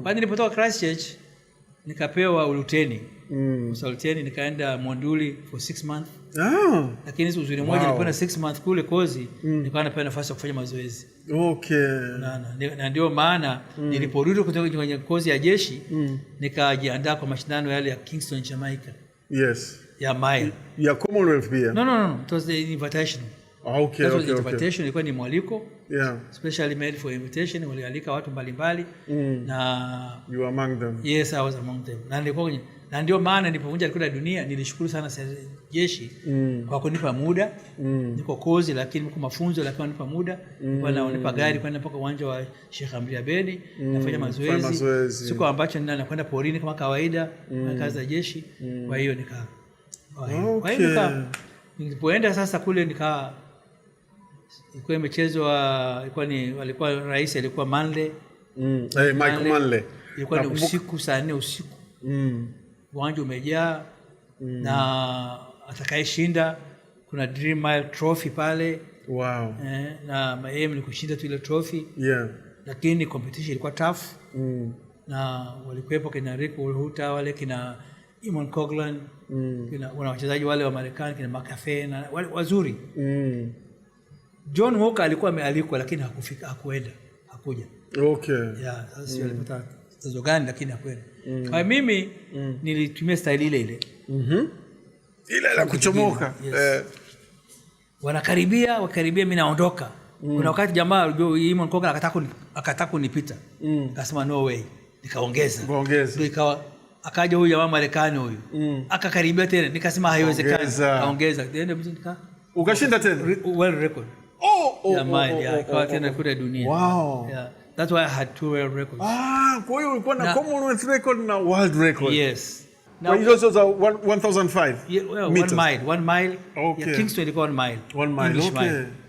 mm. Baada nilipotoka Christchurch nikapewa uluteni mm. Usaluteni nikaenda Monduli for six months oh. Lakini uzuri mmoja wow. Nilipoenda six months kule kozi mm. nikawa napewa nafasi ya kufanya mazoezi okay. Na, na, na ndio maana mm. niliporudi kutoka kwenye kozi ya jeshi mm. nikajiandaa kwa mashindano yale ya Kingston Jamaica yes. ya mile ya Commonwealth pia no, no, no. It was the invitational Ah, invitation Ilikuwa ni mwaliko yeah. Specially made for invitation, walialika watu mbalimbali mm. na you among them. Yes, I was among them na nilikuwa kwenye na ndio maana nilipovunja rekodi ya dunia nilishukuru sana jeshi mm. kwa kunipa muda mm. niko kozi lakini niko mafunzo lakini wanipa muda mm. wanaonipa gari kwenda mpaka uwanja wa Sheikh Amri Abedi mm. nafanya mazoezi siku ambacho nakwenda porini kama kawaida mm. na kazi za jeshi mm. kwa hiyo nika kwa hiyo nika nilipoenda sasa kule nikaa ilikuwa imechezwa, ilikuwa ni walikuwa rais alikuwa Manley mm. Hey, eh, Michael ilikuwa ni usiku saa nne usiku mm. uwanja umejaa mm. na atakayeshinda kuna Dream Mile Trophy pale wow. Eh, na maem ni kushinda tu ile trophy yeah. Lakini competition ilikuwa tough mm. na walikuwepo kina Rick Walhuta wale kina Eamon Coughlin mm. kina wachezaji wale wa Marekani kina McAfee na wale wazuri mm. John Walker alikuwa amealikwa lakini hakufika, hakuenda, hakuja. Okay. Yeah, sasa mm. alipata tatizo gani lakini hakwenda. Mm. Kwa mimi mm. nilitumia style ile ile. Mhm. Mm ile la kuchomoka. Yes. Eh. Wanakaribia, wakaribia mimi naondoka. Mm. Kuna wakati jamaa alijua Imon Koga akataka akataka kunipita. Mm. Akasema no way. Nikaongeza. Nikaongeza. Ndio ikawa akaja huyu jamaa Marekani huyu. Mm. Akakaribia tena nikasema haiwezekani. Kaongeza. Ndio Then nika ukashinda tena. Well record oh, ya mine, oh, yeah. Oh, oh, oh, wow. That's why I had two world records. Ah, kwa hiyo ulikuwa record na world record. Yes. Now, hizo za 1005. Yeah, mile, one mile. Okay. one mile. One mile. English okay. Mile.